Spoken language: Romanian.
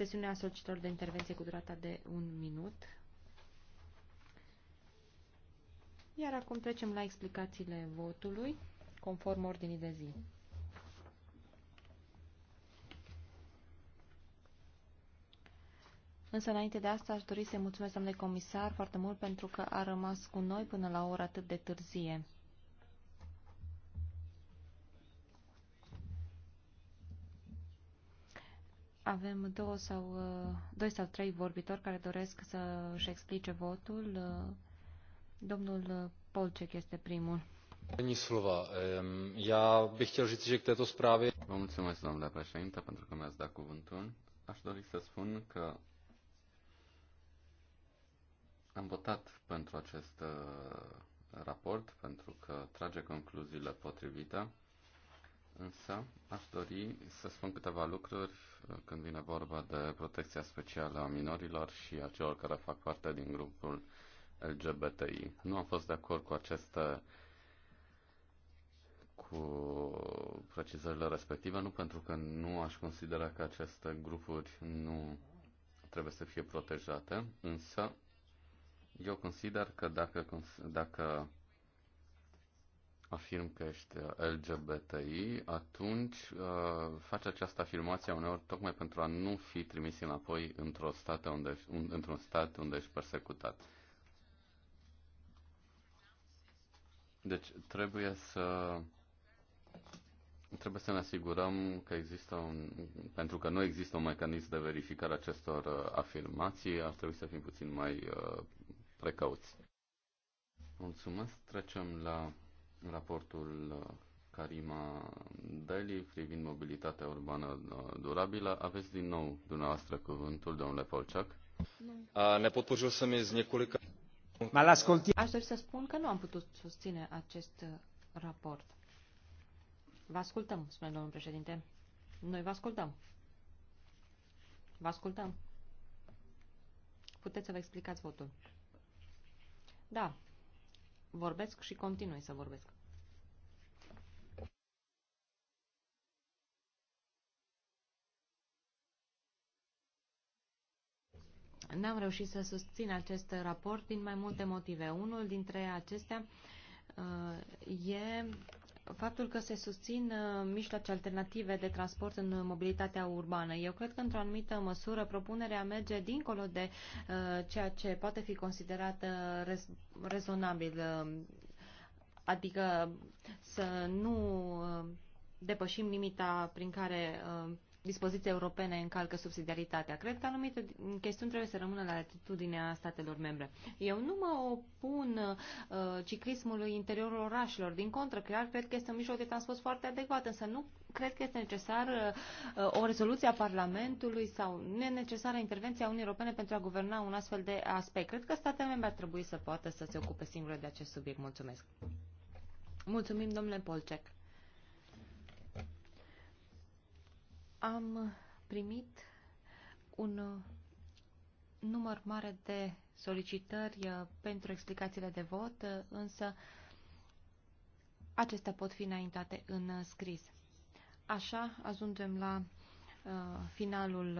sesiunea solicitor de intervenție cu durata de un minut. Iar acum trecem la explicațiile votului, conform ordinii de zi. Însă, înainte de asta, aș dori să mulțumesc, domnule comisar, foarte mult pentru că a rămas cu noi până la o oră atât de târzie. Avem două sau, uh, doi sau trei vorbitori care doresc să-și explice votul. Uh, domnul uh, Polcek este primul. Není slova. Já bych chtěl říct, že k této zprávě... Vă mulțumesc, domnule președinte, pentru că mi-ați dat cuvântul. Aș dori să spun că am votat pentru acest raport, pentru că trage concluziile potrivite Însă, aș dori să spun câteva lucruri uh, când vine vorba de protecția specială a minorilor și a celor care fac parte din grupul LGBTI. Nu am fost de acord cu aceste cu precizările respective, nu pentru că nu aș considera că aceste grupuri nu trebuie să fie protejate, însă eu consider că dacă, dacă afirm că ești uh, LGBTI, atunci uh, faci această afirmație uneori tocmai pentru a nu fi trimis înapoi într-o state unde, un, într-un stat unde ești persecutat. Deci trebuie să trebuie să ne asigurăm că există un, pentru că nu există un mecanism de verificare acestor uh, afirmații, ar trebui să fim puțin mai uh, precauți. Mulțumesc. Trecem la raportul uh, Karima Deli privind mobilitatea urbană uh, durabilă. Aveți din nou dumneavoastră cuvântul, domnule Polciac. Nepodpořil jsem ji z několika... Mă las Aș dori să spun că nu am putut susține acest uh, raport. Vă ascultăm, spune domnul președinte. Noi vă ascultăm. Vă ascultăm. Puteți să vă explicați votul. Da, vorbesc și continui să vorbesc. N-am reușit să susțin acest raport din mai multe motive. Unul dintre acestea uh, e faptul că se susțin uh, mijloace alternative de transport în uh, mobilitatea urbană. Eu cred că, într-o anumită măsură, propunerea merge dincolo de uh, ceea ce poate fi considerat rezonabil, adică să nu depășim limita prin care uh, dispoziții europene încalcă subsidiaritatea. Cred că anumite chestiuni trebuie să rămână la atitudinea statelor membre. Eu nu mă opun uh, ciclismului interiorul orașelor. Din contră, chiar cred că este un mijloc de transport foarte adecvat, însă nu cred că este necesar uh, o rezoluție a Parlamentului sau nu e necesară intervenția Uniunii Europene pentru a guverna un astfel de aspect. Cred că statele membre ar trebui să poată să se ocupe singure de acest subiect. Mulțumesc. Mulțumim, domnule Polcec. am primit un număr mare de solicitări uh, pentru explicațiile de vot, uh, însă acestea pot fi înaintate în uh, scris. Așa ajungem la uh, finalul